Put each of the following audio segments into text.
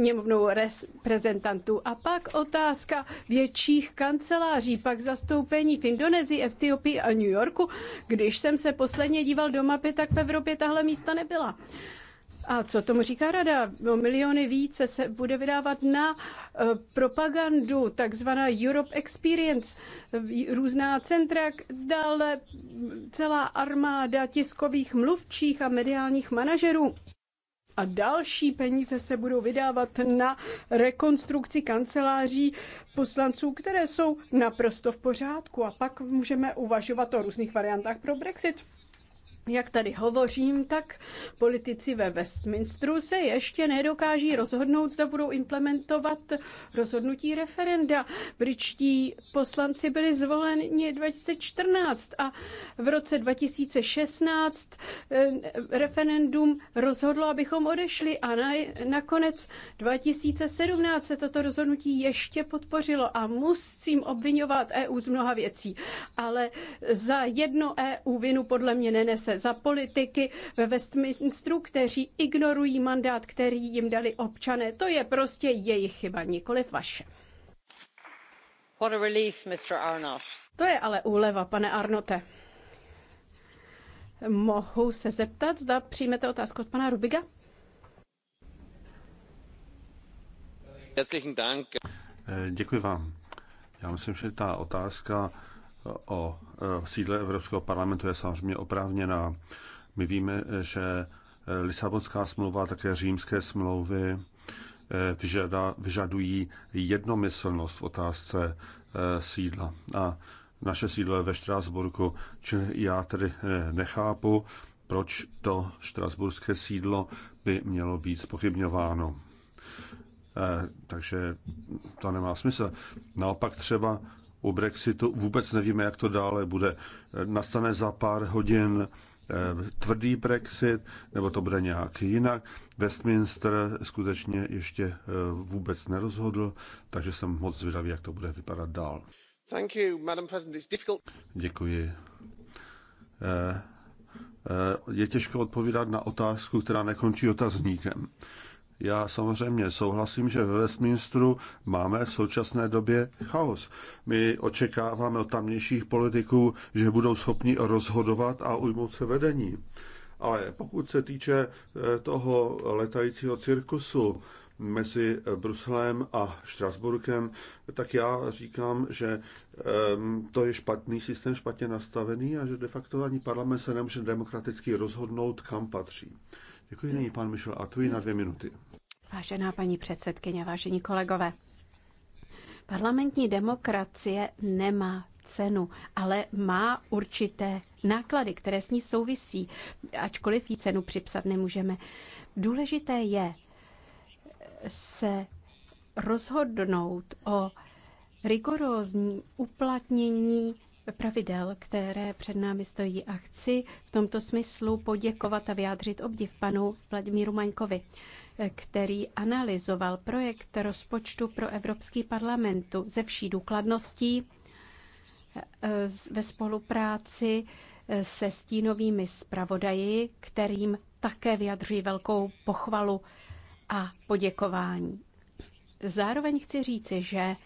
sněmovnou reprezentantů. A pak otázka větších kanceláří, pak zastoupení v Indonésii, Etiopii a New Yorku. Když jsem se posledně díval do mapy, tak v Evropě tahle místa nebyla. A co tomu říká rada? O miliony více se bude vydávat na eh, propagandu, takzvaná Europe Experience, různá centra, dále celá armáda tiskových mluvčích a mediálních manažerů a další peníze se budou vydávat na rekonstrukci kanceláří poslanců, které jsou naprosto v pořádku. A pak můžeme uvažovat o různých variantách pro Brexit. Jak tady hovořím, tak politici ve Westminsteru se ještě nedokáží rozhodnout, zda budou implementovat rozhodnutí referenda. Britští poslanci byli zvoleni 2014 a v roce 2016 eh, referendum rozhodlo, abychom odešli a na, nakonec 2017 se toto rozhodnutí ještě podpořilo a musím obvinovat EU z mnoha věcí, ale za jedno EU vinu podle mě nenese za politiky ve Westminsteru, kteří ignorují mandát, který jim dali občané. To je prostě jejich chyba, nikoli vaše. What a relief, Mr. Arnott. To je ale úleva, pane Arnote. Mohu se zeptat, zda přijmete otázku od pana Rubiga? Eh, děkuji vám. Já myslím, že ta otázka o eh, sídle Evropského parlamentu je samozřejmě oprávněná. My víme, že eh, Lisabonská smlouva také římské smlouvy eh, vyžada, vyžadují jednomyslnost v otázce sídla. A naše sídlo je ve Štrásburku, čili já tedy nechápu, proč to štrasburské sídlo by mělo být spochybňováno. Takže to nemá smysl. Naopak třeba u Brexitu. Vůbec nevíme, jak to dále bude. Nastane za pár hodin eh, tvrdý Brexit, nebo to bude nějak jinak. Westminster skutečně ještě eh, vůbec nerozhodl, takže jsem moc zvědavý, jak to bude vypadat dál. Thank you, Madam President. It's difficult. Děkuji. Eh, je těžko odpovídat na otázku, která nekončí otazníkem. Já samozřejmě souhlasím, že ve Westminsteru máme v současné době chaos. My očekáváme od tamnějších politiků, že budou schopni rozhodovat a ujmout se vedení. Ale pokud se týče eh, toho letajícího cirkusu mezi Bruselem a Štrasburkem, tak já říkám, že ehm, to je špatný systém, špatně nastavený a že de facto ani parlament se nemůže demokraticky rozhodnout, kam patří. Děkuji, nyní pan Michel Atui na dvě minuty. Vážená paní předsedkyně, vážení kolegové, parlamentní demokracie nemá cenu, ale má určité náklady, které s ní souvisí, ačkoliv jí cenu připsat nemůžeme. Důležité je se rozhodnout o rigorózní uplatnění pravidel, které před námi stojí a chci v tomto smyslu poděkovat a vyjádřit obdiv panu Vladimíru Maňkovi který analyzoval projekt rozpočtu pro Evropský parlamentu ze vší důkladností eh, ve spolupráci eh, se stínovými zpravodaji, kterým také vyjadřuji velkou pochvalu a poděkování. Zároveň chci říci, že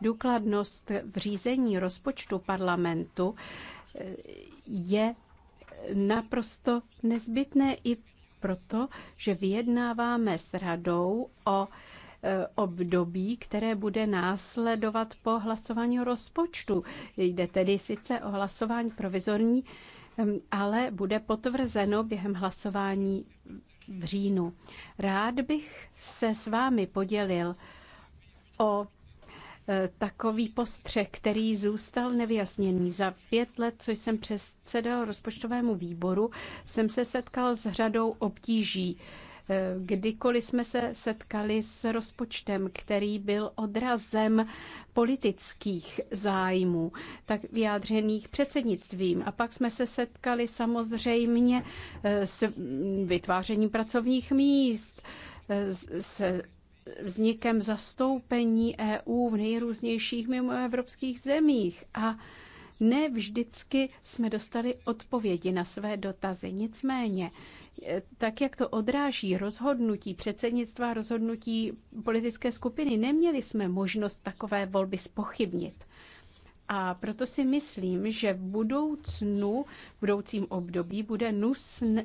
důkladnost v řízení rozpočtu parlamentu eh, je naprosto nezbytné i proto, že vyjednáváme s radou o e, období, které bude následovat po hlasování o rozpočtu. Jde tedy sice o hlasování provizorní, ale bude potvrzeno během hlasování v říjnu. Rád bych se s vámi podělil o Eh, takový postřeh, který zůstal nevyjasněný. Za pět let, co jsem předsedal rozpočtovému výboru, jsem se setkal s řadou obtíží. Eh, kdykoliv jsme se setkali s rozpočtem, který byl odrazem politických zájmů, tak vyjádřených předsednictvím. A pak jsme se setkali samozřejmě eh, s vytvářením pracovních míst, se vznikem zastoupení EU v nejrůznějších mimoevropských zemích a ne vždycky jsme dostali odpovědi na své dotazy. Nicméně, tak jak to odráží rozhodnutí předsednictva, rozhodnutí politické skupiny, neměli jsme možnost takové volby spochybnit. A proto si myslím, že v budoucnu, v budoucím období bude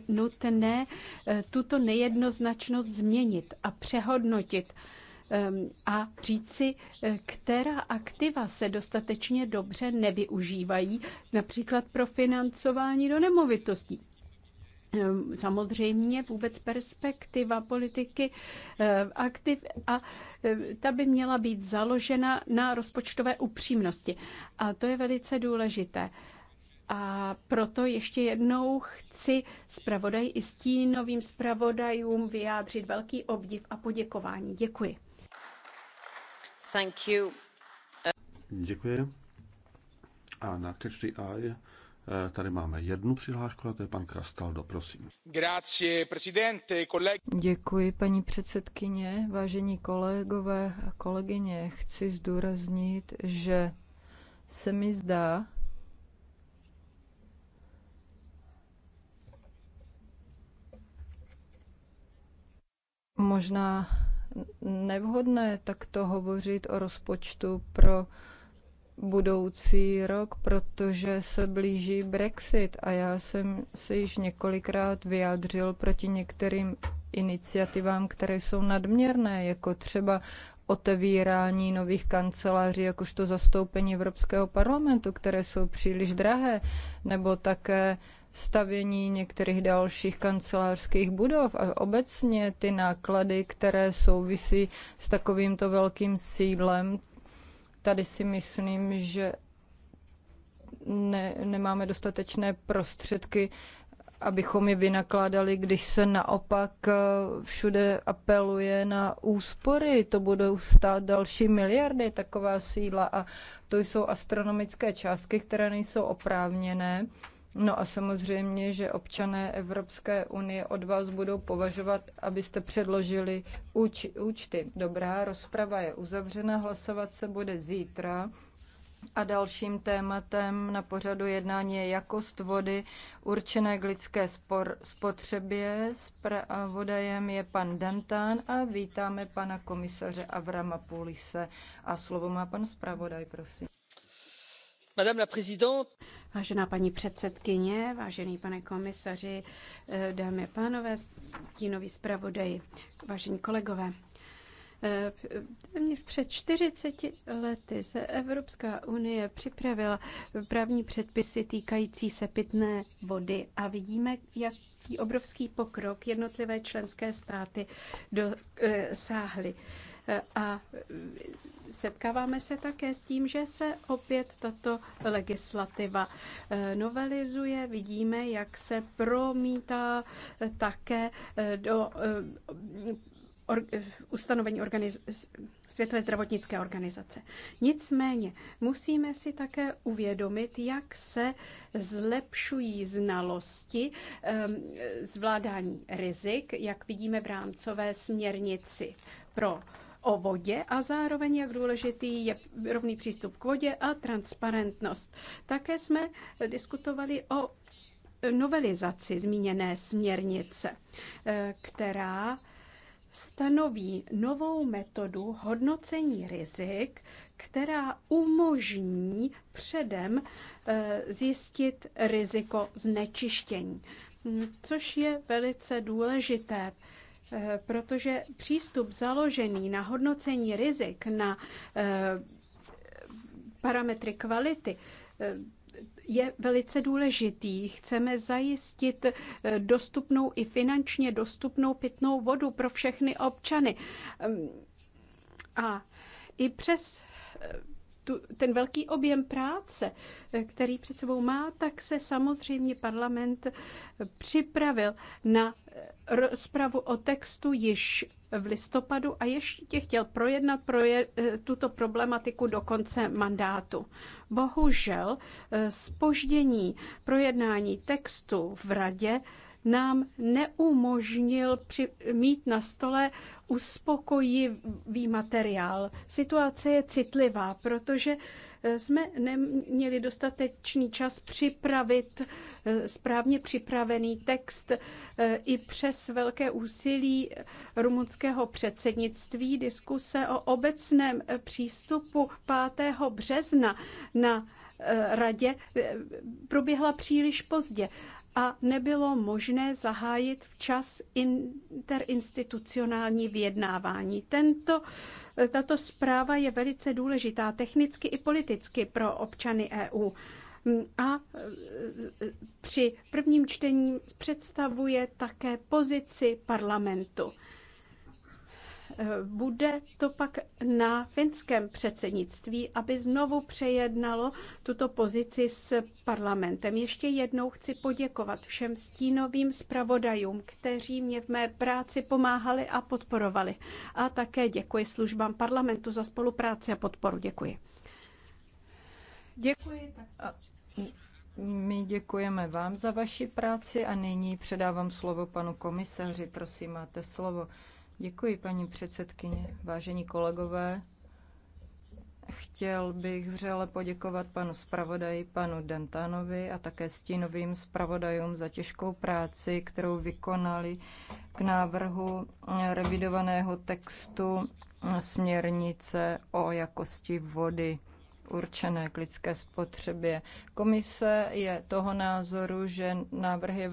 nutné eh, tuto nejednoznačnost změnit a přehodnotit ehm, a říci, eh, která aktiva se dostatečně dobře nevyužívají, například pro financování do nemovitostí. Ehm, samozřejmě vůbec perspektiva politiky ehm, aktiv a ehm, ta by měla být založena na rozpočtové upřímnosti. A to je velice důležité. A proto ještě jednou chci zpravodaj i stínovým zpravodajům vyjádřit velký obdiv a poděkování. Děkuji. Thank you. Děkuji. A na každý A Eh, tady máme jednu přihlášku a to je pan Krastaldo, prosím. Děkuji, paní předsedkyně, vážení kolegové a kolegyně. Chci zdůraznit, že se mi zdá, možná nevhodné takto hovořit o rozpočtu pro budoucí rok, protože se blíží Brexit a já jsem se již několikrát vyjádřil proti některým iniciativám, které jsou nadměrné, jako třeba otevírání nových kanceláří, jakožto zastoupení Evropského parlamentu, které jsou příliš drahé, nebo také stavění některých dalších kancelářských budov a obecně ty náklady, které souvisí s takovýmto velkým sídlem, Tady si myslím, že ne, nemáme dostatečné prostředky, abychom je vynakládali, když se naopak eh, všude apeluje na úspory. To budou stát další miliardy taková síla a to jsou astronomické částky, které nejsou oprávněné. No a samozřejmě, že občané Evropské unie od vás budou považovat, abyste předložili úč- účty. Dobrá, rozprava je uzavřena, hlasovat se bude zítra. A dalším tématem na pořadu jednání je jakost vody určené k lidské spor- spotřebě. Vodajem je pan Dantán a vítáme pana komisaře Avrama Pulise. A slovo má pan zpravodaj, prosím. Vážená paní předsedkyně, vážený pane komisaři, eh, dámy a pánové, stínoví zpravodaji, vážení kolegové. Eh, téměř před čtyřiceti lety se Evropská unie připravila právní předpisy týkající se pitné vody a vidíme, jaký obrovský pokrok jednotlivé členské státy dosáhly. Eh, a setkáváme se také s tím, že se opět tato legislativa eh, novelizuje. Vidíme, jak se promítá eh, také eh, do or, ustanovení organiz, Světové zdravotnické organizace. Nicméně musíme si také uvědomit, jak se zlepšují znalosti um, zvládání rizik, jak vidíme v rámcové směrnici pro o vodě a zároveň, jak důležitý je rovný přístup k vodě a transparentnost. Také jsme diskutovali o novelizaci zmíněné směrnice, eh, která stanoví novou metodu hodnocení rizik, která umožní předem eh, zjistit riziko znečištění, hm, což je velice důležité Eh, protože přístup založený na hodnocení rizik, na eh, parametry kvality, eh, je velice důležitý. Chceme zajistit dostupnou i finančně dostupnou pitnou vodu pro všechny občany. Ehm, a i přes tu, ten velký objem práce, eh, který před sebou má, tak se samozřejmě parlament připravil na eh, rozpravu o textu již v listopadu a ještě chtěl projednat proje, eh, tuto problematiku do konce mandátu. Bohužel spoždění projednání textu v radě nám neumožnil při, mít na stole uspokojivý materiál. Situace je citlivá, protože eh, jsme neměli dostatečný čas připravit eh, správně připravený text. Eh, I přes velké úsilí rumunského předsednictví diskuse o obecném přístupu 5. března na radě proběhla příliš pozdě a nebylo možné zahájit včas interinstitucionální vyjednávání. Tento tato zpráva je velice důležitá technicky i politicky pro občany EU. A e, při prvním čtení představuje také pozici parlamentu. Bude to pak na finském předsednictví, aby znovu přejednalo tuto pozici s parlamentem. Ještě jednou chci poděkovat všem stínovým zpravodajům, kteří mě v mé práci pomáhali a podporovali. A také děkuji službám parlamentu za spolupráci a podporu. Děkuji. Děkuji. My děkujeme vám za vaši práci a nyní předávám slovo panu komisaři. Prosím, máte slovo. Děkuji, paní předsedkyně. Vážení kolegové, chtěl bych vřele poděkovat panu zpravodaji, panu Dentánovi a také stínovým zpravodajům za těžkou práci, kterou vykonali k návrhu revidovaného textu směrnice o jakosti vody určené k lidské spotřebě. Komise je toho názoru, že návrhy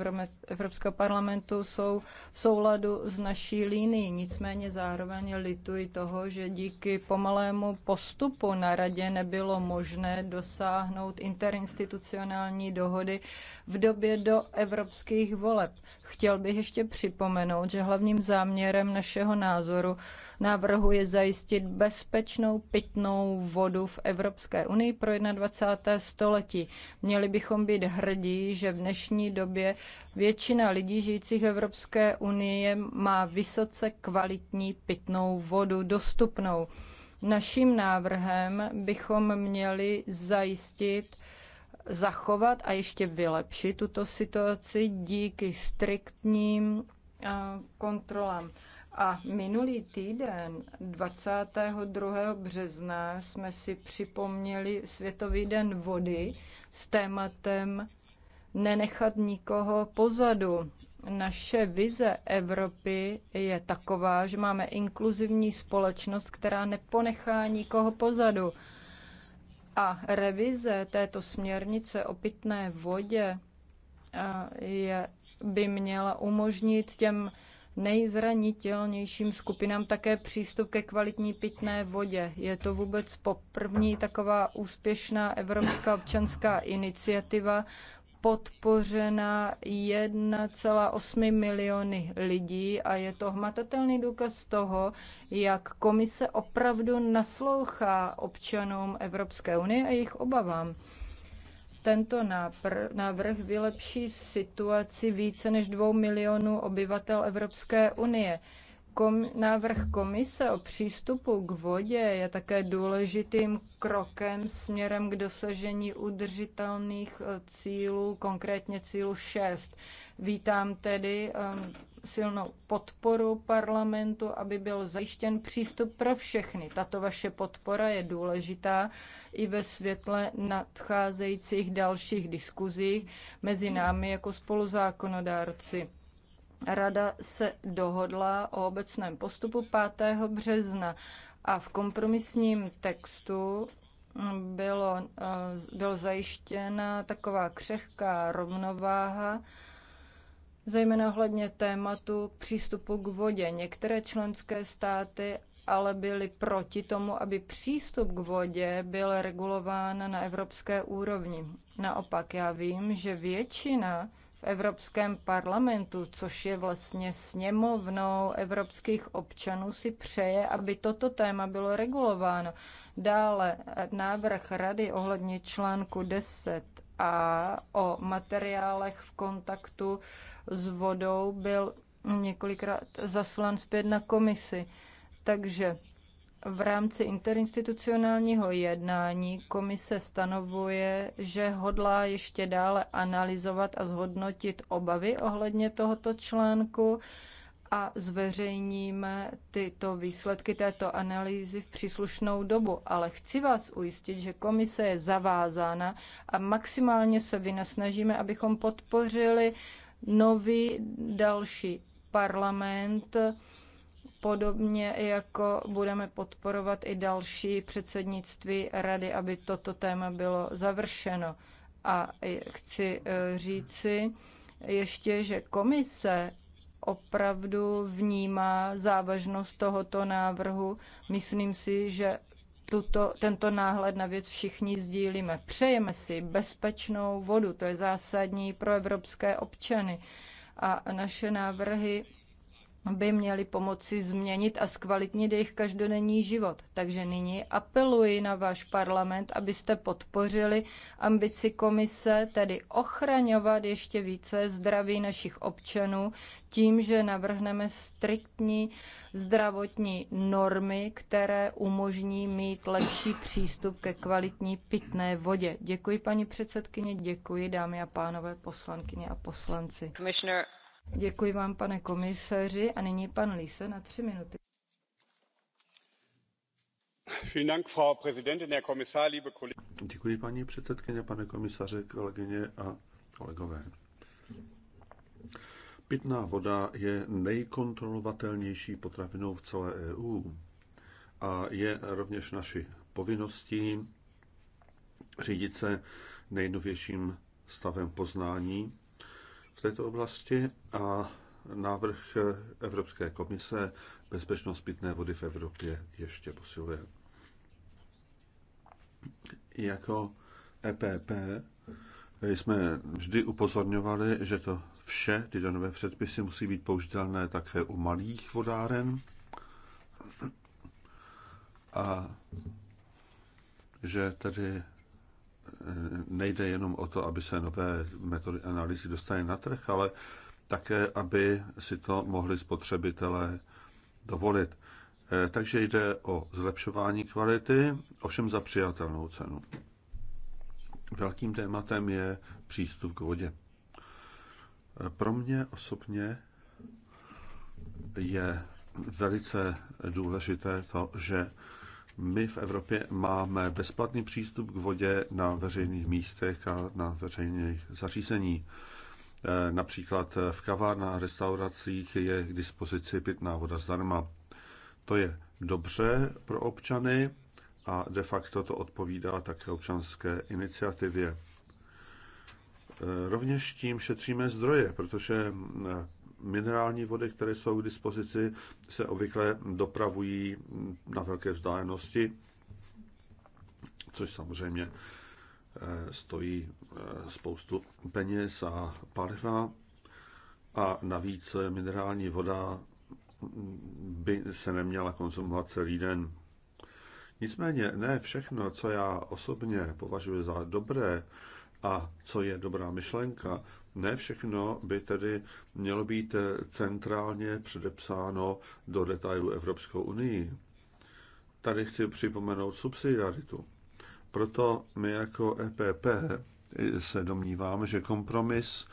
Evropského parlamentu jsou v souladu s naší línií. Nicméně zároveň lituji toho, že díky pomalému postupu na radě nebylo možné dosáhnout interinstitucionální dohody v době do evropských voleb. Chtěl bych ještě připomenout, že hlavním záměrem našeho názoru návrhu je zajistit bezpečnou pitnou vodu v Evropské unii pro 21. století. Měli bychom být hrdí, že v dnešní době většina lidí žijících v Evropské unii má vysoce kvalitní pitnou vodu dostupnou. Naším návrhem bychom měli zajistit zachovat a ještě vylepšit tuto situaci díky striktním eh, kontrolám. A minulý týden, 22. března, jsme si připomněli Světový den vody s tématem nenechat nikoho pozadu. Naše vize Evropy je taková, že máme inkluzivní společnost, která neponechá nikoho pozadu. A revize této směrnice o pitné vodě eh, je, by měla umožnit těm nejzranitelnějším skupinám také přístup ke kvalitní pitné vodě. Je to vůbec poprvní taková úspěšná evropská občanská iniciativa, podpořena 1,8 miliony lidí a je to hmatatelný důkaz toho, jak komise opravdu naslouchá občanům Evropské unie a jejich obavám tento návrh vylepší situaci více než dvou milionů obyvatel Evropské unie kom, návrh komise o přístupu k vodě je také důležitým krokem směrem k dosažení udržitelných eh, cílů, konkrétně cílu 6. Vítám tedy ehm, silnou podporu parlamentu, aby byl zajištěn přístup pro všechny. Tato vaše podpora je důležitá i ve světle nadcházejících dalších diskuzích mezi námi jako spoluzákonodárci. Rada se dohodla o obecném postupu 5. března a v kompromisním textu bylo, eh, bylo zajištěna taková křehká rovnováha, zejména ohledně tématu přístupu k vodě. Některé členské státy ale byly proti tomu, aby přístup k vodě byl regulován na evropské úrovni. Naopak já vím, že většina Evropském parlamentu, což je vlastně sněmovnou evropských občanů, si přeje, aby toto téma bylo regulováno. Dále návrh Rady ohledně článku 10 a o materiálech v kontaktu s vodou byl několikrát zaslan zpět na komisi. Takže v rámci interinstitucionálního jednání komise stanovuje, že hodlá ještě dále analyzovat a zhodnotit obavy ohledně tohoto článku a zveřejníme tyto výsledky této analýzy v příslušnou dobu. Ale chci vás ujistit, že komise je zavázána a maximálně se vynasnažíme, abychom podpořili nový další parlament, Podobně jako budeme podporovat i další předsednictví rady, aby toto téma bylo završeno. A chci eh, říci ještě, že komise opravdu vnímá závažnost tohoto návrhu. Myslím si, že tuto, tento náhled na věc všichni sdílíme. Přejeme si bezpečnou vodu, to je zásadní pro evropské občany. A naše návrhy by měly pomoci změnit a zkvalitnit jejich každodenní život. Takže nyní apeluji na váš parlament, abyste podpořili ambici komise, tedy ochraňovat ještě více zdraví našich občanů tím, že navrhneme striktní zdravotní normy, které umožní mít lepší přístup ke kvalitní pitné vodě. Děkuji paní předsedkyně, děkuji dámy a pánové, poslankyně a poslanci. Commissioner... Děkuji vám, pane komisaři. A nyní pan Lise na tři minuty. Děkuji, paní předsedkyně, pane komisaři, kolegyně a kolegové. Pitná voda je nejkontrolovatelnější potravinou v celé EU a je rovněž naší povinností řídit se nejnovějším stavem poznání této oblasti a návrh Evropské komise bezpečnost pitné vody v Evropě ještě posiluje. Jako EPP jsme vždy upozorňovali, že to vše, tyto nové předpisy, musí být použitelné také u malých vodáren a že tedy nejde jenom o to, aby se nové metody analýzy dostaly na trh, ale také, aby si to mohli spotřebitelé dovolit. Eh, takže jde o zlepšování kvality, ovšem za přijatelnou cenu. Velkým tématem je přístup k vodě. Eh, pro mě osobně je velice důležité to, že my v Evropě máme bezplatný přístup k vodě na veřejných místech a na veřejných zařízení. E, například v kavárnách a restauracích je k dispozici pitná voda zdarma. To je dobře pro občany a de facto to odpovídá také občanské iniciativě. E, rovněž tím šetříme zdroje, protože e, minerální vody, které jsou k dispozici, se obvykle dopravují na velké vzdálenosti, což samozřejmě eh, stojí eh, spoustu peněz a paliva. A navíc eh, minerální voda mm, by se neměla konzumovat celý den. Nicméně ne všechno, co já osobně považuji za dobré a co je dobrá myšlenka, ne všechno by tedy mělo být centrálně předepsáno do detailu Evropskou unii. Tady chci připomenout subsidiaritu. Proto my jako EPP se domníváme, že kompromis,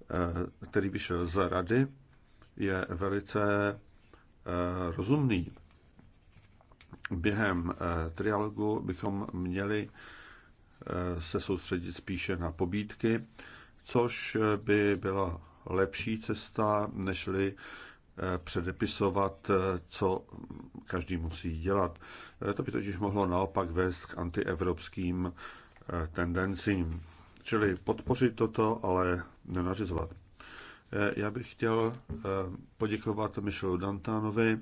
eh, který vyšel z rady, je velice eh, rozumný. Během eh, trialogu bychom měli se soustředit spíše na pobídky, což by byla lepší cesta, nežli eh, předepisovat, eh, co každý musí dělat. Eh, to by totiž mohlo naopak vést k antievropským tendencím. Čili podpořit toto, ale nenařizovat. Já bych chtěl poděkovat Michelu Dantánovi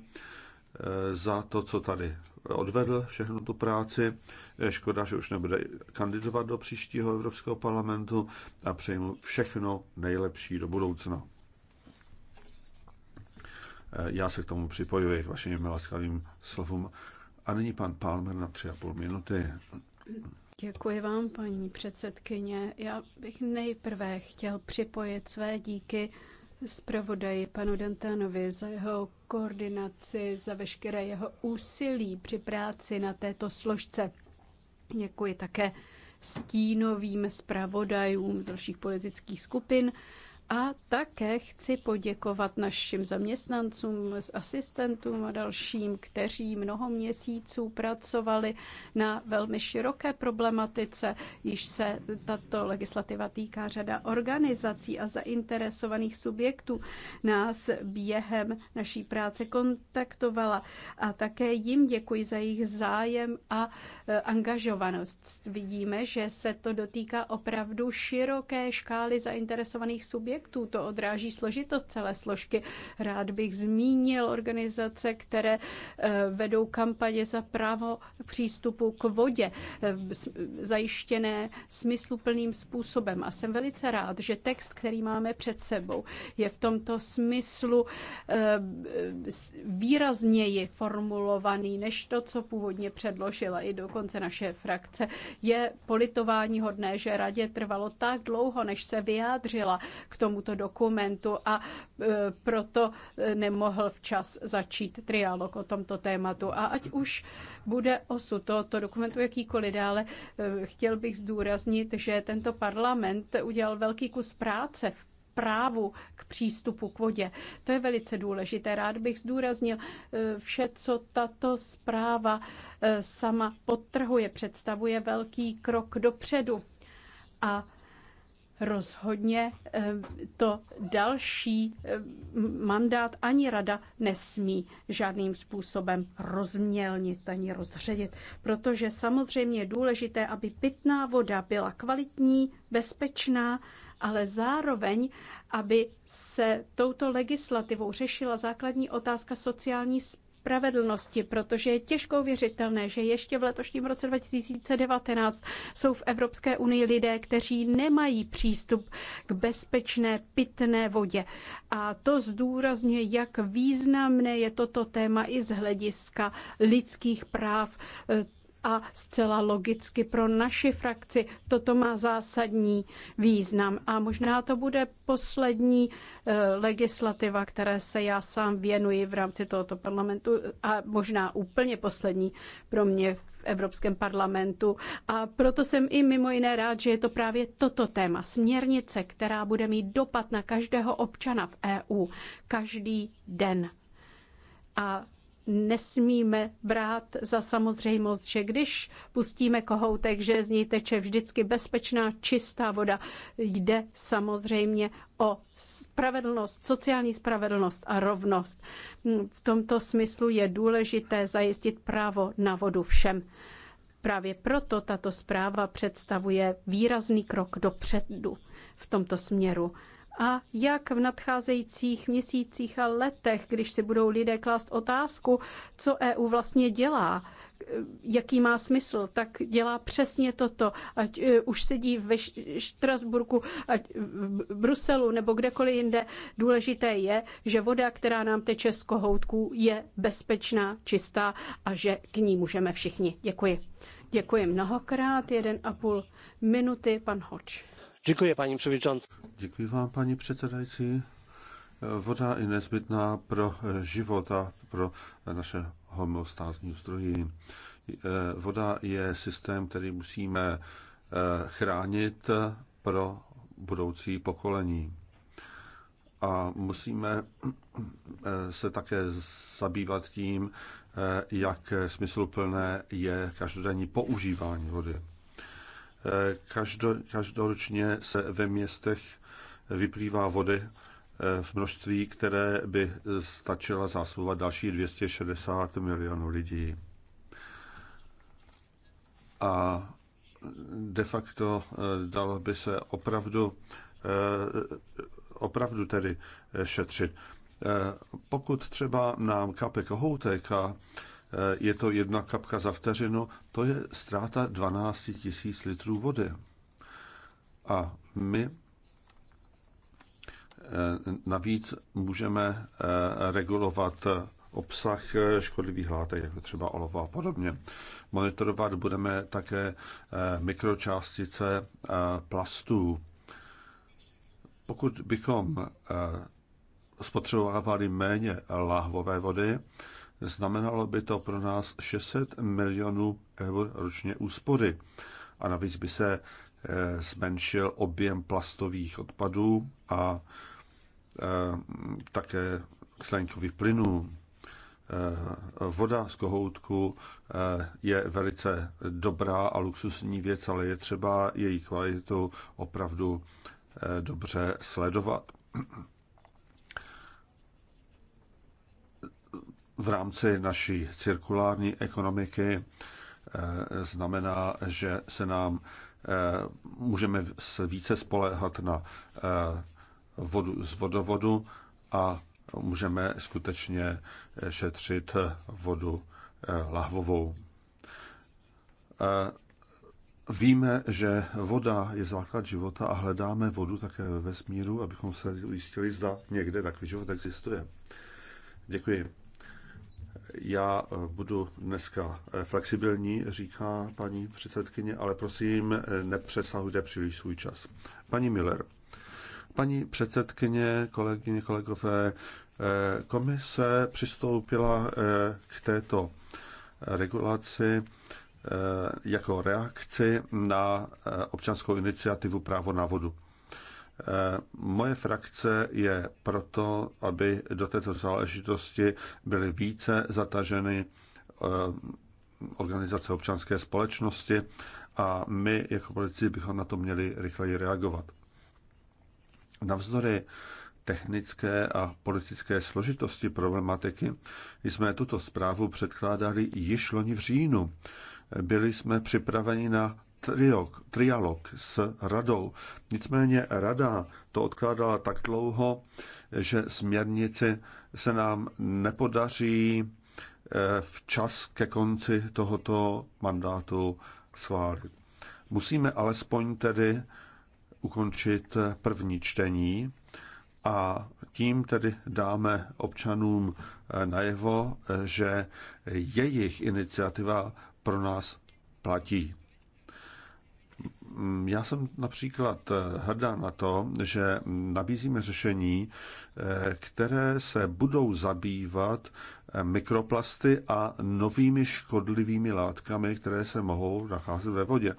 Eh, za to, co tady odvedl, všechnu tu práci. Eh, škoda, že už nebude kandidovat do příštího Evropského parlamentu a přeji mu všechno nejlepší do budoucna. Eh, já se k tomu připojuji, k vašim milaskavým slovům. A nyní pan Palmer na tři a půl minuty. Děkuji vám, paní předsedkyně. Já bych nejprve chtěl připojit své díky zpravodaji panu Dantanovi za jeho koordinaci, za veškeré jeho úsilí při práci na této složce. Děkuji také stínovým zpravodajům z dalších politických skupin a také chci poděkovat našim zaměstnancům, asistentům a dalším, kteří mnoho měsíců pracovali na velmi široké problematice, již se tato legislativa týká řada organizací a zainteresovaných subjektů. Nás během naší práce kontaktovala a také jim děkuji za jejich zájem a e, angažovanost. Vidíme, že se to dotýká opravdu široké škály zainteresovaných subjektů projektů. To odráží složitost celé složky. Rád bych zmínil organizace, které eh, vedou kampaně za právo přístupu k vodě, eh, zajištěné smysluplným způsobem. A jsem velice rád, že text, který máme před sebou, je v tomto smyslu eh, výrazněji formulovaný než to, co původně předložila i dokonce naše frakce. Je politování hodné, že radě trvalo tak dlouho, než se vyjádřila k tomu, tomuto dokumentu a e, proto e, nemohl včas začít trialog o tomto tématu. A ať už bude osu tohoto dokumentu jakýkoliv dále, e, chtěl bych zdůraznit, že tento parlament udělal velký kus práce v právu k přístupu k vodě. To je velice důležité. Rád bych zdůraznil vše, co tato zpráva sama podtrhuje, představuje velký krok dopředu. A rozhodně eh, to další eh, mandát ani rada nesmí žádným způsobem rozmělnit ani rozředit, protože samozřejmě je důležité, aby pitná voda byla kvalitní, bezpečná, ale zároveň, aby se touto legislativou řešila základní otázka sociální spravedlnosti, protože je těžko věřitelné, že ještě v letošním roce 2019 jsou v Evropské unii lidé, kteří nemají přístup k bezpečné pitné vodě. A to zdůrazňuje, jak významné je toto téma i z hlediska lidských práv a zcela logicky pro naši frakci toto má zásadní význam. A možná to bude poslední eh, legislativa, které se já sám věnuji v rámci tohoto parlamentu a možná úplně poslední pro mě v Evropském parlamentu. A proto jsem i mimo jiné rád, že je to právě toto téma, směrnice, která bude mít dopad na každého občana v EU každý den. A nesmíme brát za samozřejmost, že když pustíme kohoutek, že z něj teče vždycky bezpečná, čistá voda. Jde samozřejmě o spravedlnost, sociální spravedlnost a rovnost. V tomto smyslu je důležité zajistit právo na vodu všem. Právě proto tato zpráva představuje výrazný krok dopředu v tomto směru a jak v nadcházejících měsících a letech, když si budou lidé klást otázku, co EU vlastně dělá, jaký má smysl, tak dělá přesně toto. Ať e, už sedí ve Štrasburku, ať v Bruselu nebo kdekoliv jinde, důležité je, že voda, která nám teče z kohoutků, je bezpečná, čistá a že k ní můžeme všichni. Děkuji. Děkuji mnohokrát. Jeden a půl minuty, pan Hoč. Děkuji, paní předsedající. Děkuji vám, paní předsedající. Voda je nezbytná pro život a pro naše homeostázní ústrojí. Voda je systém, který musíme eh, chránit pro budoucí pokolení. A musíme eh, se také zabývat tím, eh, jak smysluplné je každodenní používání vody. Každo, každoročně se ve městech vyplývá vody eh, v množství, které by stačila zásobovat další 260 milionů lidí. A de facto eh, dalo by se opravdu, eh, opravdu tedy šetřit. Pokud třeba nám kape kohoutek a Eh, je to jedna kapka za vteřinu, to je ztráta 12 000 litrů vody. A my eh, navíc můžeme eh, regulovat obsah škodlivých látek, jako třeba olova a podobně. Monitorovat budeme také mikročástice plastů. Pokud bychom spotřebovávali méně lahvové vody, Znamenalo by to pro nás 600 milionů eur ročně úspory. A navíc by se eh, zmenšil objem plastových odpadů a eh, také skleníkových plynů. Eh, voda z kohoutku je velice dobrá a luxusní věc, ale je třeba její kvalitu opravdu dobře sledovat. v rámci naší cirkulární ekonomiky eh, znamená, že se nám eh, můžeme více spoléhat na eh, vodu z vodovodu a můžeme skutečně šetřit vodu lahvovou. Víme, že voda je základ života a hledáme vodu také ve vesmíru, abychom se ujistili, zda někde takový život existuje. Děkuji. Já eh, budu dneska eh, flexibilní, říká paní předsedkyně, ale prosím, eh, nepřesahujte příliš svůj čas. Paní Miller, paní předsedkyně, kolegyně, kolegové, komise přistoupila k této regulaci jako reakci na občanskou iniciativu Právo na vodu. Eh, moje frakce je proto, aby do této záležitosti byly více zataženy eh, organizace občanské společnosti a my jako politici bychom na to měli rychleji reagovat. Navzdory technické a politické složitosti problematiky jsme tuto zprávu předkládali již loni v říjnu. Byli jsme připraveni na triok, trialog s radou. Nicméně rada to odkládala tak dlouho, že směrnici se nám nepodaří eh, včas ke konci tohoto mandátu schválit. Musíme alespoň tedy ukončit první čtení a tím tedy dáme občanům eh, najevo, eh, že jejich iniciativa pro nás platí. Mm, já jsem například eh, hrdá na to, že nabízíme řešení, eh, které se budou zabývat eh, mikroplasty a novými škodlivými látkami, které se mohou nacházet ve vodě.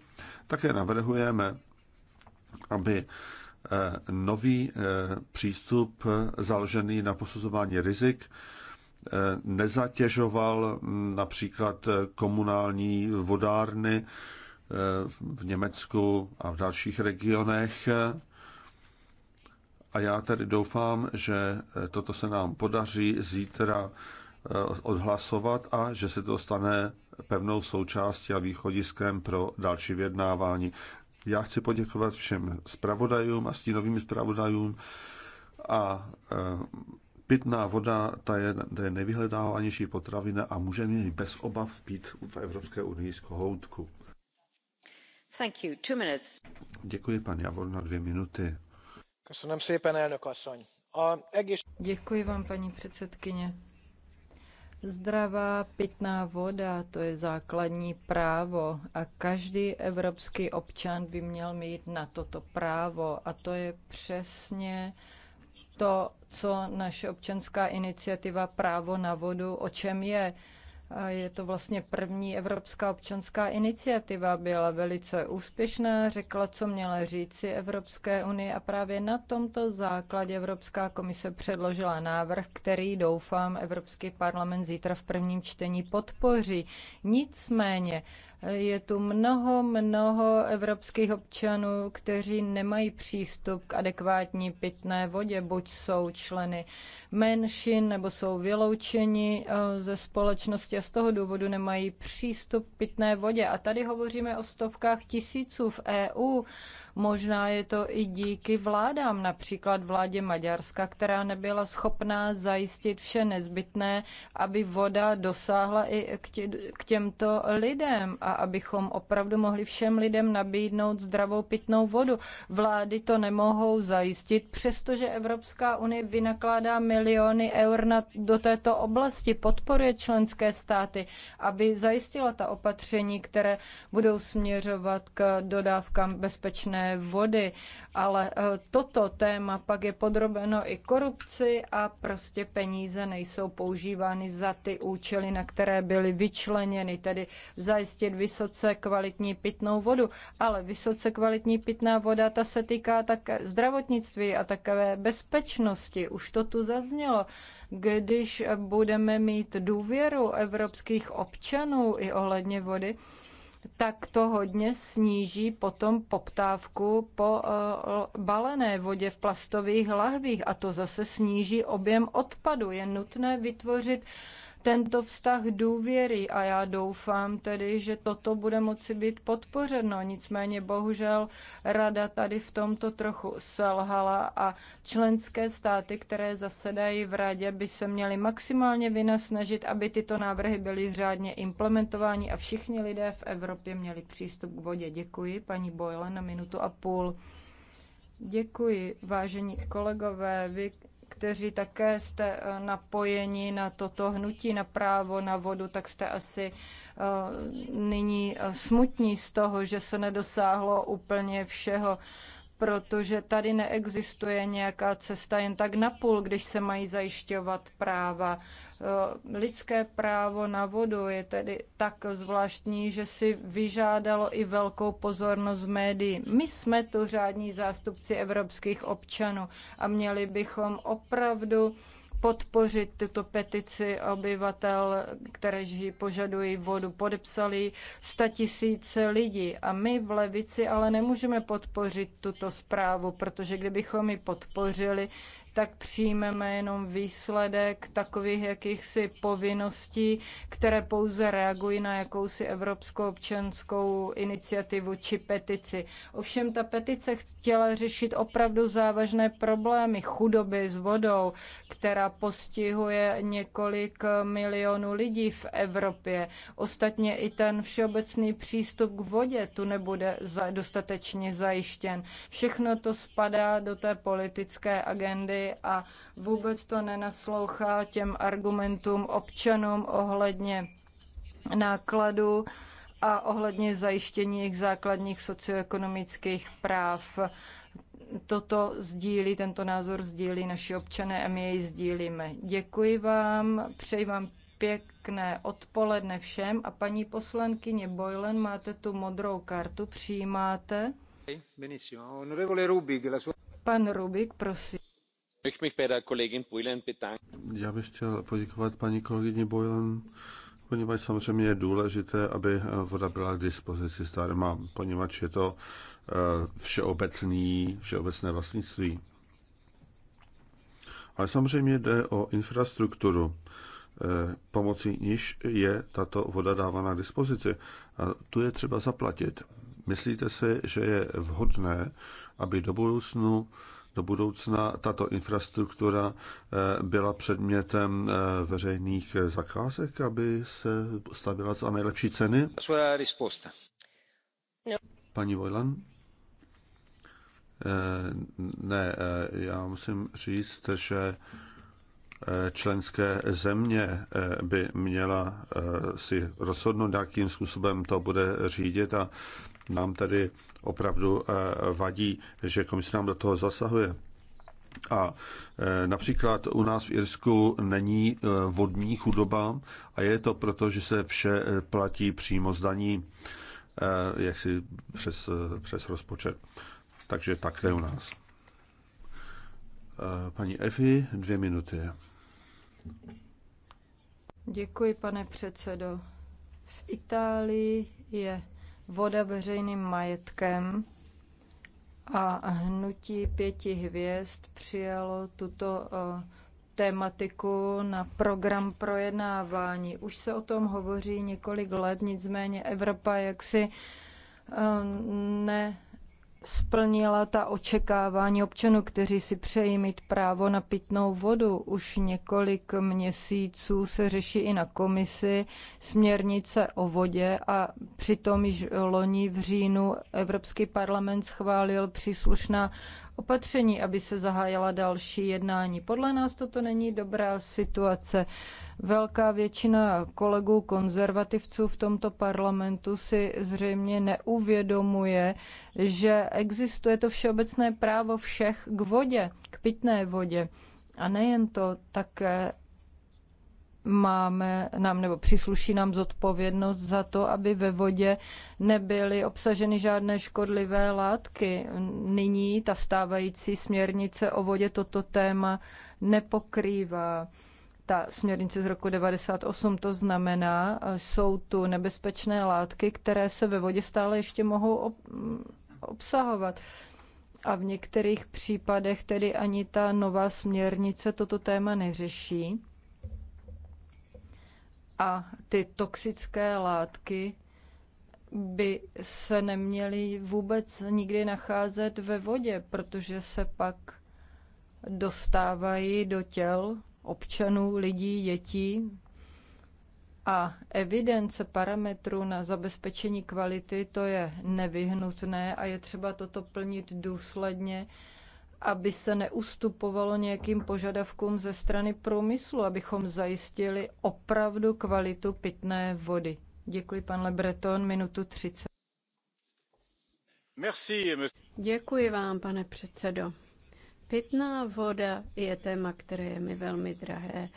Také navrhujeme, aby nový přístup založený na posuzování rizik nezatěžoval mm, například komunální vodárny Eh, v Německu a v dalších regionech. A já tedy doufám, že toto se nám podaří zítra eh, odhlasovat a že se to stane pevnou součástí a východiskem pro další vyjednávání. Já chci poděkovat všem zpravodajům a stínovým zpravodajům a eh, pitná voda, ta je, ta je nejvyhledávanější potravina a můžeme ji bez obav pít v Evropské unii z kohoutku. Děkuji vám, paní předsedkyně. Zdravá pitná voda, to je základní právo a každý evropský občan by měl mít na toto právo a to je přesně to, co naše občanská iniciativa Právo na vodu, o čem je. Je to vlastně první evropská občanská iniciativa, byla velice úspěšná, řekla, co měla říci Evropské unii a právě na tomto základě Evropská komise předložila návrh, který doufám Evropský parlament zítra v prvním čtení podpoří. Nicméně je tu mnoho, mnoho evropských občanů, kteří nemají přístup k adekvátní pitné vodě, buď jsou členy menšin nebo jsou vyloučeni eh, ze společnosti a z toho důvodu nemají přístup k pitné vodě. A tady hovoříme o stovkách tisíců v EU, Možná je to i díky vládám, například vládě Maďarska, která nebyla schopná zajistit vše nezbytné, aby voda dosáhla i k těmto lidem a abychom opravdu mohli všem lidem nabídnout zdravou pitnou vodu. Vlády to nemohou zajistit, přestože Evropská unie vynakládá miliony eur na, do této oblasti, podporuje členské státy, aby zajistila ta opatření, které budou směřovat k dodávkám bezpečné vody, ale eh, toto téma pak je podrobeno i korupci a prostě peníze nejsou používány za ty účely, na které byly vyčleněny, tedy zajistit vysoce kvalitní pitnou vodu. Ale vysoce kvalitní pitná voda, ta se týká také zdravotnictví a také bezpečnosti. Už to tu zaznělo. Když budeme mít důvěru evropských občanů i ohledně vody, tak to hodně sníží potom poptávku po eh, balené vodě v plastových lahvích a to zase sníží objem odpadu. Je nutné vytvořit tento vztah důvěry a já doufám tedy, že toto bude moci být podpořeno. Nicméně bohužel rada tady v tomto trochu selhala a členské státy, které zasedají v radě, by se měly maximálně vynasnažit, aby tyto návrhy byly řádně implementovány a všichni lidé v Evropě měli přístup k vodě. Děkuji, paní Boyle, na minutu a půl. Děkuji, vážení kolegové. Vy kteří také jste eh, napojeni na toto hnutí, na právo na vodu, tak jste asi eh, nyní eh, smutní z toho, že se nedosáhlo úplně všeho protože tady neexistuje nějaká cesta jen tak napůl, když se mají zajišťovat práva. Eh, lidské právo na vodu je tedy tak zvláštní, že si vyžádalo i velkou pozornost médií. My jsme tu řádní zástupci evropských občanů a měli bychom opravdu podpořit tuto petici obyvatel, které požadují vodu. Podepsali tisíce lidí a my v levici ale nemůžeme podpořit tuto zprávu, protože kdybychom ji podpořili, tak přijmeme jenom výsledek takových jakýchsi povinností, které pouze reagují na jakousi evropskou občanskou iniciativu či petici. Ovšem ta petice chtěla řešit opravdu závažné problémy chudoby s vodou, která postihuje několik milionů lidí v Evropě. Ostatně i ten všeobecný přístup k vodě tu nebude dostatečně zajištěn. Všechno to spadá do té politické agendy a vůbec to nenaslouchá těm argumentům občanům ohledně nákladů a ohledně zajištění jejich základních socioekonomických práv. Toto sdílí, tento názor sdílí naši občané a my jej sdílíme. Děkuji vám, přeji vám pěkné odpoledne všem a paní poslankyně Boylen, máte tu modrou kartu, přijímáte? Pan Rubik, prosím. Já bych chtěl poděkovat paní kolegyni Boylan, poněvadž samozřejmě je důležité, aby eh, voda byla k dispozici zdarma, poněvadž je to eh, všeobecný, všeobecné vlastnictví. Ale samozřejmě jde o infrastrukturu, eh, pomocí níž je tato voda dávána k dispozici. A tu je třeba zaplatit. Myslíte si, že je vhodné, aby do budoucnu do budoucna tato infrastruktura eh, byla předmětem eh, veřejných eh, zakázek, aby se stavila za nejlepší ceny? No. Paní Vojlan? Ne, já musím říct, že členské země by měla si rozhodnout, jakým způsobem to bude řídit a nám tedy opravdu eh, vadí, že komise nám do toho zasahuje. A eh, například u nás v Irsku není eh, vodní chudoba a je to proto, že se vše platí přímo z daní si přes, přes rozpočet. Takže je u nás. Paní Efi, dvě minuty. Děkuji, pane předsedo. V Itálii je voda veřejným majetkem a hnutí pěti hvězd přijalo tuto eh, tématiku na program projednávání. Už se o tom hovoří několik let, nicméně Evropa jaksi eh, ne splnila ta očekávání občanů, kteří si přejí mít právo na pitnou vodu. Už několik měsíců se řeší i na komisi směrnice o vodě a přitom již loni v říjnu Evropský parlament schválil příslušná opatření, aby se zahájila další jednání. Podle nás toto není dobrá situace. Velká většina kolegů konzervativců v tomto parlamentu si zřejmě neuvědomuje, že existuje to všeobecné právo všech k vodě, k pitné vodě. A nejen to, také máme nám nebo přísluší nám zodpovědnost za to, aby ve vodě nebyly obsaženy žádné škodlivé látky. Nyní ta stávající směrnice o vodě toto téma nepokrývá. Ta směrnice z roku 98 to znamená, jsou tu nebezpečné látky, které se ve vodě stále ještě mohou obsahovat. A v některých případech tedy ani ta nová směrnice toto téma neřeší a ty toxické látky by se neměly vůbec nikdy nacházet ve vodě, protože se pak dostávají do těl občanů, lidí, dětí. A evidence parametrů na zabezpečení kvality, to je nevyhnutné a je třeba toto plnit důsledně aby se neustupovalo nějakým požadavkům ze strany průmyslu, abychom zajistili opravdu kvalitu pitné vody. Děkuji, pan Breton, minutu 30. Merci. Děkuji vám, pane předsedo. Pitná voda je téma, které je mi velmi drahé.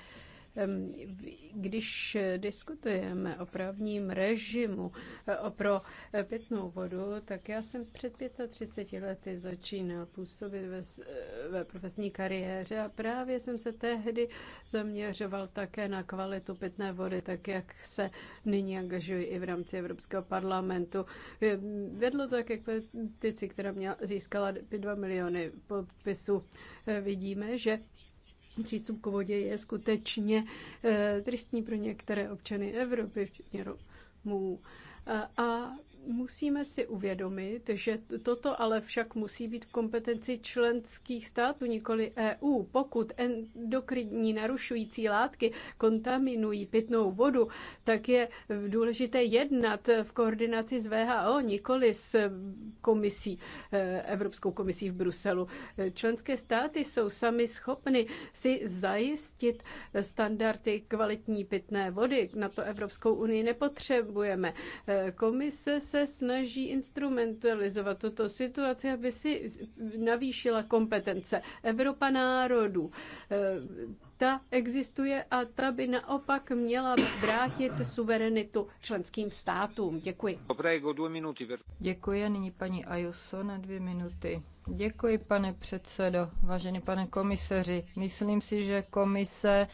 Když diskutujeme o právním režimu e, pro e, pitnou vodu, tak já jsem před 35 lety začínal působit ve, e, ve profesní kariéře a právě jsem se tehdy zaměřoval také na kvalitu pitné vody, tak jak se nyní angažuji i v rámci Evropského parlamentu. Vedlo to také k petici, která měla, získala 2 miliony podpisů. Vidíme, že přístup k vodě je skutečně eh, tristní pro některé občany Evropy, včetně Romů. A Musíme si uvědomit, že toto ale však musí být v kompetenci členských států, nikoli EU. Pokud endokrinní narušující látky kontaminují pitnou vodu, tak je důležité jednat v koordinaci s VHO, nikoli s komisí, eh, Evropskou komisí v Bruselu. Členské státy jsou sami schopny si zajistit standardy kvalitní pitné vody. Na to Evropskou unii nepotřebujeme. Eh, komise se snaží instrumentalizovat tuto situaci, aby si navýšila kompetence. Evropa národů, eh, ta existuje a ta by naopak měla vrátit suverenitu členským státům. Děkuji. Děkuji a nyní paní Ayuso na dvě minuty. Děkuji, pane předsedo, vážený pane komisaři. Myslím si, že komise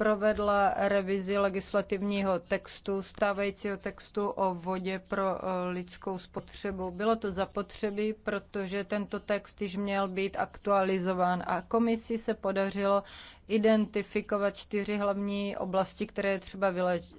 provedla revizi legislativního textu, stávajícího textu o vodě pro eh, lidskou spotřebu. Bylo to zapotřebí, protože tento text již měl být aktualizován a komisi se podařilo identifikovat čtyři hlavní oblasti, které je třeba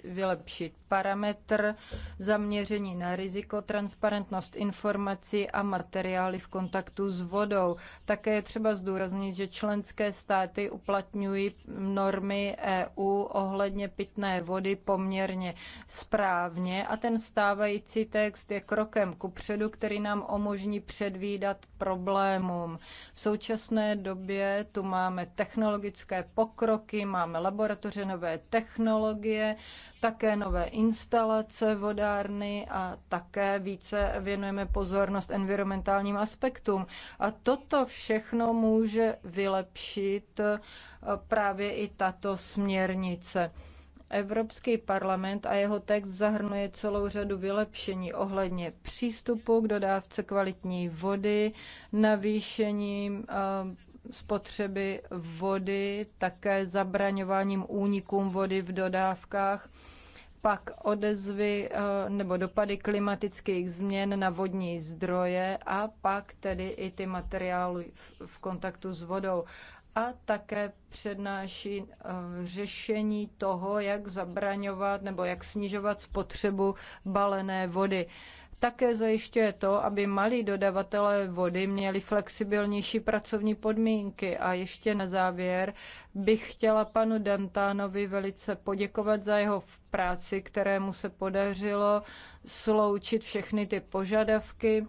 vylepšit. Parametr, zaměření na riziko, transparentnost informací a materiály v kontaktu s vodou. Také je třeba zdůraznit, že členské státy uplatňují normy EU ohledně pitné vody poměrně správně a ten stávající text je krokem kupředu, který nám umožní předvídat problémům. V současné době tu máme technologické pokroky, máme laboratoře, nové technologie, také nové instalace vodárny a také více věnujeme pozornost environmentálním aspektům. A toto všechno může vylepšit eh, právě i tato směrnice. Evropský parlament a jeho text zahrnuje celou řadu vylepšení ohledně přístupu k dodávce kvalitní vody, navýšení eh, spotřeby vody, také zabraňováním únikům vody v dodávkách, pak odezvy eh, nebo dopady klimatických změn na vodní zdroje a pak tedy i ty materiály v kontaktu s vodou a také přednáší eh, řešení toho, jak zabraňovat nebo jak snižovat spotřebu balené vody. Také zajišťuje to, aby malí dodavatelé vody měli flexibilnější pracovní podmínky. A ještě na závěr bych chtěla panu Dantánovi velice poděkovat za jeho práci, kterému se podařilo sloučit všechny ty požadavky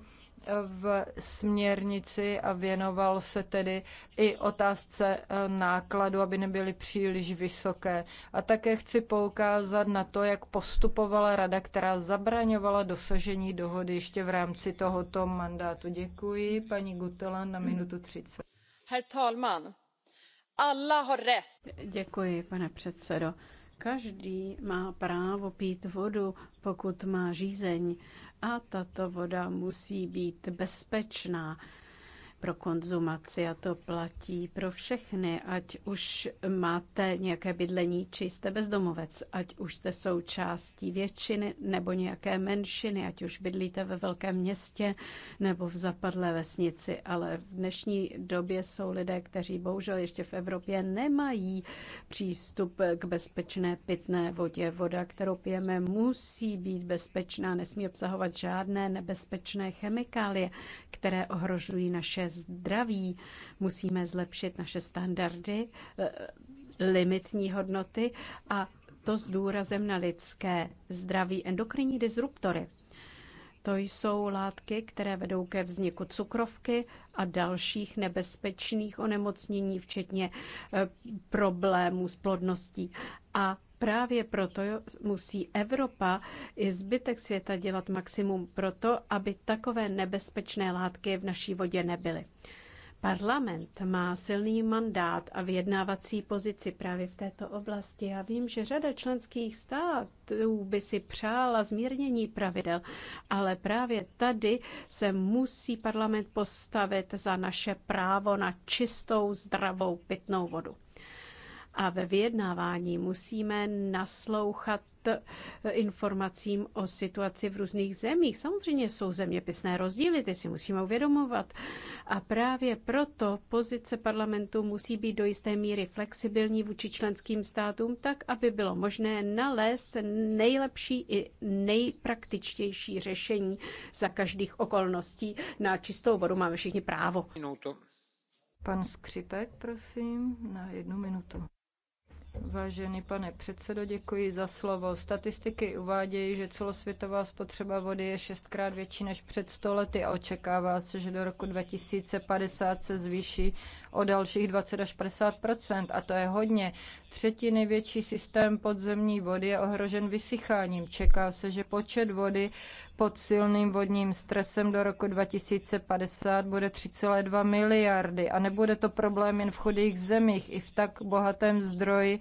v směrnici a věnoval se tedy i otázce e, nákladu, aby nebyly příliš vysoké. A také chci poukázat na to, jak postupovala rada, která zabraňovala dosažení dohody ještě v rámci tohoto mandátu. Děkuji, paní Gutela, na minutu 30. Herr talman, alla har rätt. Děkuji, pane předsedo. Každý má právo pít vodu, pokud má žízeň a tato voda musí být bezpečná pro konzumaci a to platí pro všechny, ať už máte nějaké bydlení, či jste bezdomovec, ať už jste součástí většiny nebo nějaké menšiny, ať už bydlíte ve velkém městě nebo v zapadlé vesnici, ale v dnešní době jsou lidé, kteří bohužel ještě v Evropě nemají přístup k bezpečné pitné vodě. Voda, kterou pijeme, musí být bezpečná, nesmí obsahovat žádné nebezpečné chemikálie, které ohrožují naše zdraví, musíme zlepšit naše standardy, eh, limitní hodnoty a to s důrazem na lidské zdraví endokrinní disruptory. To jsou látky, které vedou ke vzniku cukrovky a dalších nebezpečných onemocnění, včetně eh, problémů s plodností. A Právě proto musí Evropa i zbytek světa dělat maximum proto, aby takové nebezpečné látky v naší vodě nebyly. Parlament má silný mandát a vyjednávací pozici právě v této oblasti. Já vím, že řada členských států by si přála zmírnění pravidel, ale právě tady se musí parlament postavit za naše právo na čistou, zdravou pitnou vodu. A ve vyjednávání musíme naslouchat eh, informacím o situaci v různých zemích. Samozřejmě jsou zeměpisné rozdíly, ty si musíme uvědomovat. A právě proto pozice parlamentu musí být do jisté míry flexibilní vůči členským státům, tak, aby bylo možné nalézt nejlepší i nejpraktičtější řešení za každých okolností. Na čistou vodu máme všichni právo. Minuto. Pan Skřipek, prosím, na jednu minutu. Vážený pane předsedo, děkuji za slovo. Statistiky uvádějí, že celosvětová spotřeba vody je šestkrát větší než před stolety a očekává se, že do roku 2050 se zvýší o dalších 20 až 50 a to je hodně. Třetí největší systém podzemní vody je ohrožen vysycháním. Čeká se, že počet vody pod silným vodním stresem do roku 2050 bude 3,2 miliardy a nebude to problém jen v chudých zemích, i v tak bohatém zdroji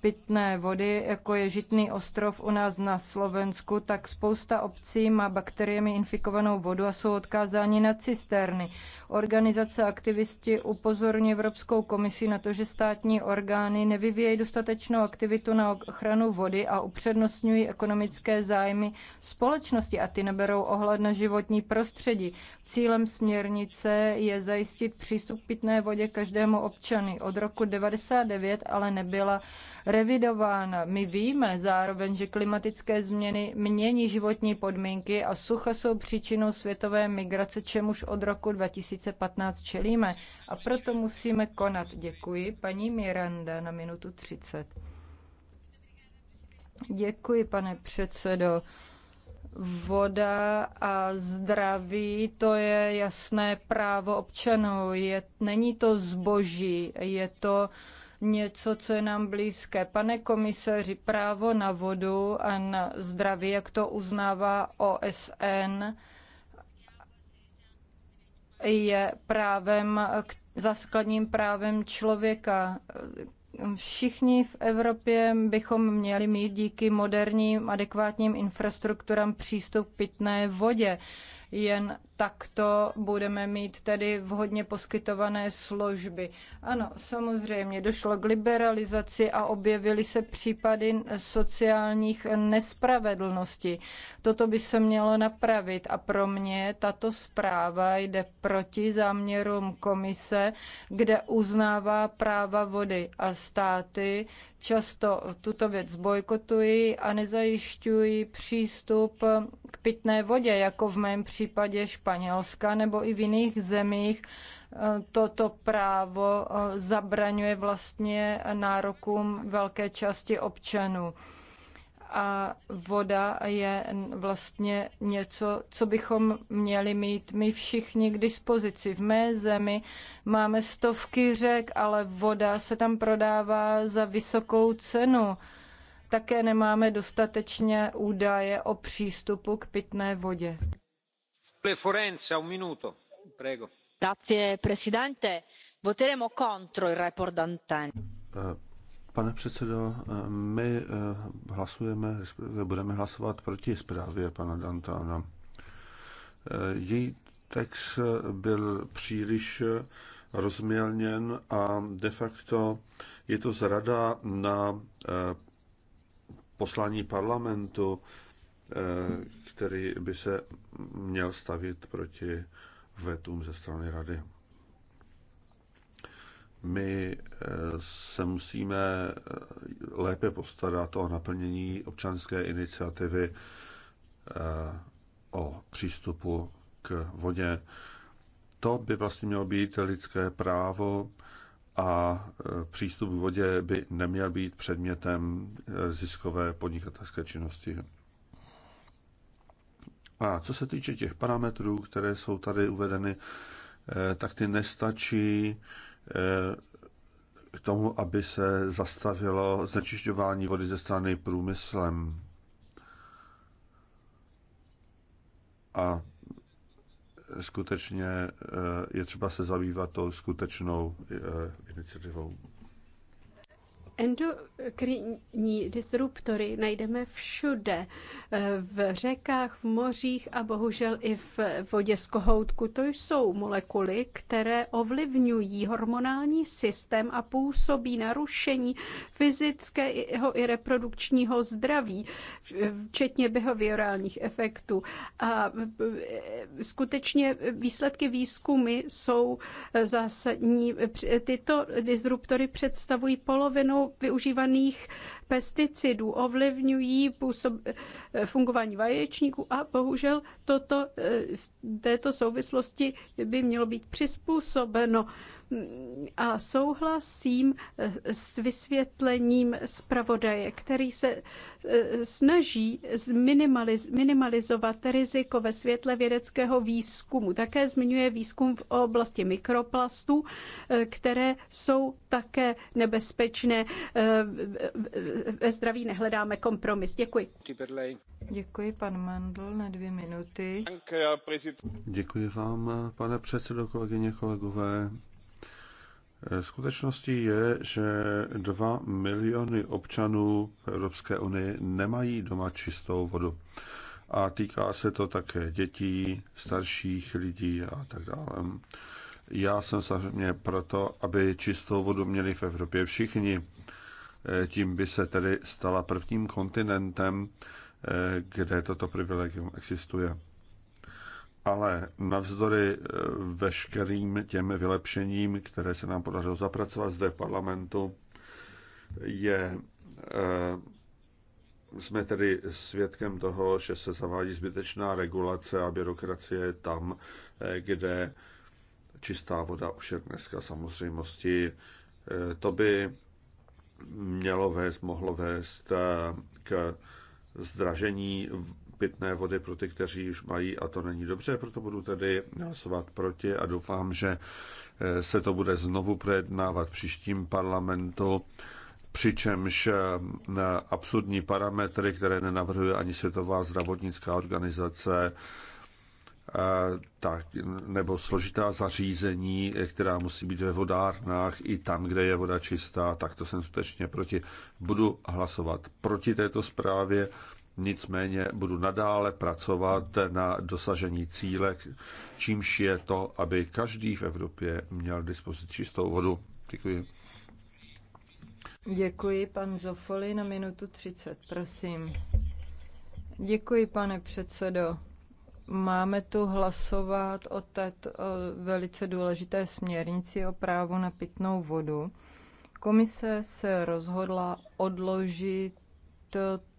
pitné vody, jako je Žitný ostrov u nás na Slovensku, tak spousta obcí má bakteriemi infikovanou vodu a jsou odkázáni na cisterny. Organizace aktivisti upozorní Evropskou komisi na to, že státní orgány nevyvíjejí dostatečnou aktivitu na ochranu vody a upřednostňují ekonomické zájmy společnosti a ty neberou ohled na životní prostředí. Cílem směrnice je zajistit přístup pitné vodě každému občany. Od roku 99 ale nebyla revidována. My víme zároveň, že klimatické změny mění životní podmínky a sucha jsou příčinou světové migrace, čemuž od roku 2015 čelíme. A proto musíme konat. Děkuji. Paní Miranda na minutu 30. Děkuji, pane předsedo voda a zdraví, to je jasné právo občanů. Je, není to zboží, je to něco, co je nám blízké. Pane komisaři, právo na vodu a na zdraví, jak to uznává OSN, je právem, základním právem člověka. Všichni v Evropě bychom měli mít díky moderním, adekvátním infrastrukturám přístup k pitné vodě. Jen takto budeme mít tedy vhodně poskytované služby. Ano, samozřejmě došlo k liberalizaci a objevily se případy sociálních nespravedlností. Toto by se mělo napravit a pro mě tato zpráva jde proti záměrům komise, kde uznává práva vody a státy často tuto věc bojkotují a nezajišťují přístup k pitné vodě, jako v mém případě Španělsku Španělska nebo i v jiných zemích eh, toto právo eh, zabraňuje vlastně nárokům velké části občanů. A voda je vlastně něco, co bychom měli mít my všichni k dispozici. V mé zemi máme stovky řek, ale voda se tam prodává za vysokou cenu. Také nemáme dostatečně údaje o přístupu k pitné vodě. Forenza, un minuto. Prego. Grazie, presidente. Voteremo contro il report eh, Pane předsedo, eh, my eh, hlasujeme, budeme hlasovat proti zprávě pana Dantána. Její text byl příliš rozmělněn a de facto je to zrada na poslání parlamentu, který by se měl stavit proti vetům ze strany rady. My eh, se musíme eh, lépe postarat o naplnění občanské iniciativy eh, o přístupu k vodě. To by vlastně mělo být lidské právo a přístup k vodě by neměl být předmětem ziskové podnikatelské činnosti. A co se týče těch parametrů, které jsou tady uvedeny, eh, tak ty nestačí eh, k tomu, aby se zastavilo znečišťování vody ze strany průmyslem. A skutečně eh, je třeba se zabývat tou skutečnou iniciativou. Endokrinní disruptory najdeme všude, eh, v řekách, v mořích a bohužel i v vodě z kohoutku. To jsou molekuly, které ovlivňují hormonální systém a působí narušení fyzického i reprodukčního zdraví, včetně behaviorálních efektů. A eh, skutečně výsledky výzkumy jsou eh, zásadní. Tyto disruptory představují polovinu využívaných pesticidů, ovlivňují působ, fungování vaječníků a bohužel toto eh, v této souvislosti by mělo být přizpůsobeno. A souhlasím eh, s vysvětlením zpravodaje, který se eh, snaží minimalizovat riziko ve světle vědeckého výzkumu. Také zmiňuje výzkum v oblasti mikroplastů, které jsou také nebezpečné ve zdraví nehledáme kompromis. Děkuji. Děkuji, pan Mandl, na dvě minuty. Děkuji vám, pane předsedo, kolegyně, kolegové. Skutečností je, že 2 miliony občanů Evropské unie nemají doma čistou vodu. A týká se to také dětí, starších lidí a tak dále. Já jsem samozřejmě proto, aby čistou vodu měli v Evropě všichni. Eh, tím by se tedy stala prvním kontinentem, eh, kde toto privilegium existuje. Ale navzdory eh, veškerým těm vylepšením, které se nám podařilo zapracovat zde v parlamentu, je, jsme tedy svědkem toho, že se zavádí zbytečná regulace a byrokracie tam, kde čistá voda už je dneska samozřejmostí. To by mělo vést, mohlo vést eh, k zdražení pitné vody pro ty, kteří už mají a to není dobře, proto budu tedy hlasovat proti a doufám, že eh, se to bude znovu projednávat příštím parlamentu, přičemž eh, absurdní parametry, které nenavrhuje ani Světová zdravotnická organizace, tak, nebo složitá zařízení, která musí být ve vodárnách i tam, kde je voda čistá, tak to jsem skutečně proti. Budu hlasovat proti této zprávě, nicméně budu nadále pracovat na dosažení cíle, čímž je to, aby každý v Evropě měl dispozici čistou vodu. Děkuji. Děkuji, pan Zofoli, na minutu 30, prosím. Děkuji, pane předsedo. Máme tu hlasovat o této velice důležité směrnici o právu na pitnou vodu. Komise se rozhodla odložit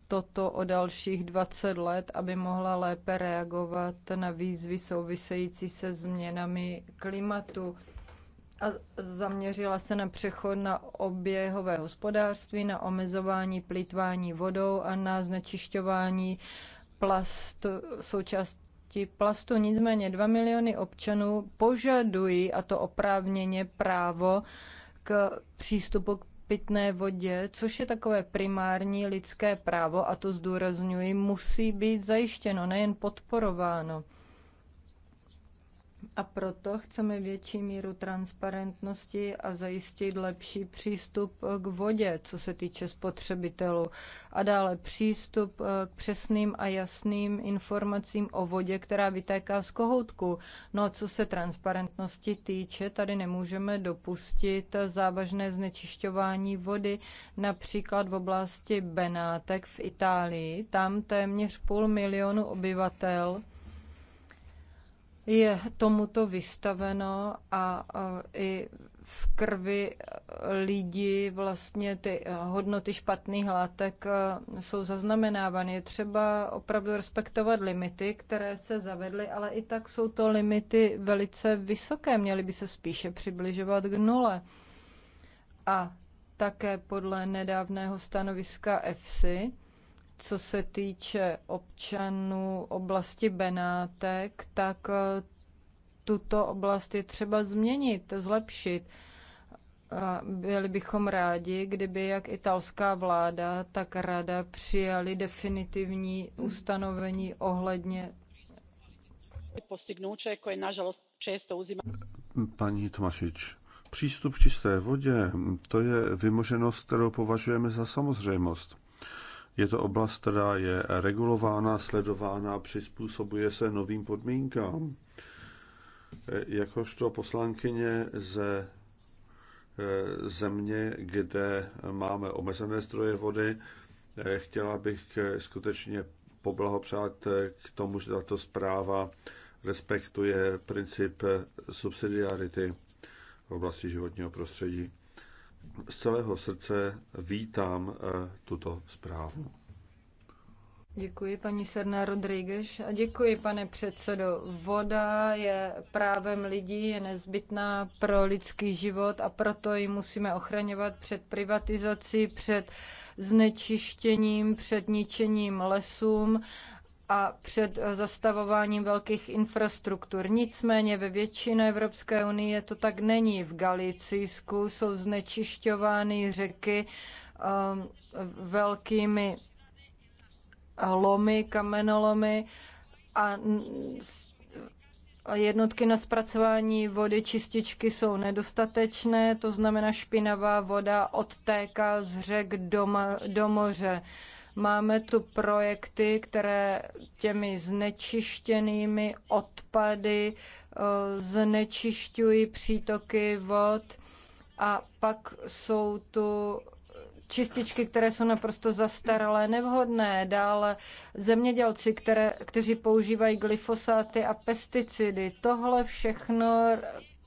toto o dalších 20 let, aby mohla lépe reagovat na výzvy související se změnami klimatu a zaměřila se na přechod na oběhové hospodářství, na omezování plýtvání vodou a na znečišťování plast, součást, proti plastu. Nicméně 2 miliony občanů požadují, a to oprávněně, právo k přístupu k pitné vodě, což je takové primární lidské právo, a to zdůrazňuji, musí být zajištěno, nejen podporováno. A proto chceme větší míru transparentnosti a zajistit lepší přístup k vodě, co se týče spotřebitelů. A dále přístup eh, k přesným a jasným informacím o vodě, která vytéká z kohoutku. No a co se transparentnosti týče, tady nemůžeme dopustit závažné znečišťování vody, například v oblasti Benátek v Itálii. Tam téměř půl milionu obyvatel je tomuto vystaveno a i v krvi e, lidí vlastně ty e, hodnoty špatných látek e, jsou zaznamenávány. Je třeba opravdu respektovat limity, které se zavedly, ale i tak jsou to limity velice vysoké, měly by se spíše přibližovat k nule. A také podle nedávného stanoviska EFSI, co se týče občanů oblasti Benátek, tak eh, tuto oblast je třeba změnit, zlepšit. A byli bychom rádi, kdyby jak italská vláda, tak rada přijali definitivní ustanovení ohledně postignuće koje jako nažalost često uzima. Paní Tomašič, přístup čisté vodě, to je vymoženost, kterou považujeme za samozřejmost. Je to oblast, která je regulována, sledována, přizpůsobuje se novým podmínkám. Jakožto poslankyně ze eh, země, kde máme omezené zdroje vody, eh, chtěla bych skutečně poblahopřát eh, k tomu, že tato zpráva respektuje princip subsidiarity v oblasti životního prostředí z celého srdce vítám eh, tuto zprávu. Děkuji paní Serna Rodriguez a děkuji pane předsedo. Voda je právem lidí, je nezbytná pro lidský život a proto ji musíme ochraňovat před privatizací, před znečištěním, před ničením lesům a před zastavováním velkých infrastruktur. Nicméně ve většině Evropské unie to tak není. V Galicísku jsou znečišťovány řeky um, velkými lomy, kamenolomy a jednotky na zpracování vody, čističky jsou nedostatečné, to znamená špinavá voda odtéká z řek do, do moře. Máme tu projekty, které těmi znečištěnými odpady eh, znečišťují přítoky vod a pak jsou tu čističky, které jsou naprosto zastaralé, nevhodné. Dále zemědělci, které, kteří používají glyfosáty a pesticidy. Tohle všechno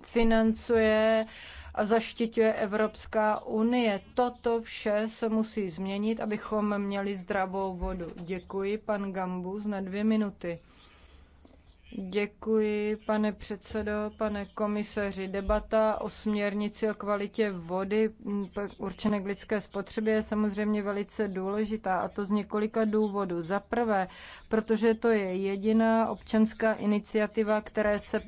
financuje uh, a zaštiťuje Evropská unie. Toto vše se musí změnit, abychom měli zdravou vodu. Děkuji, pan Gambus, na dvě minuty. Děkuji, pane předsedo, pane komisaři. Debata o směrnici o kvalitě vody určené k lidské spotřebě je samozřejmě velice důležitá a to z několika důvodů. Za prvé, protože to je jediná občanská iniciativa, které se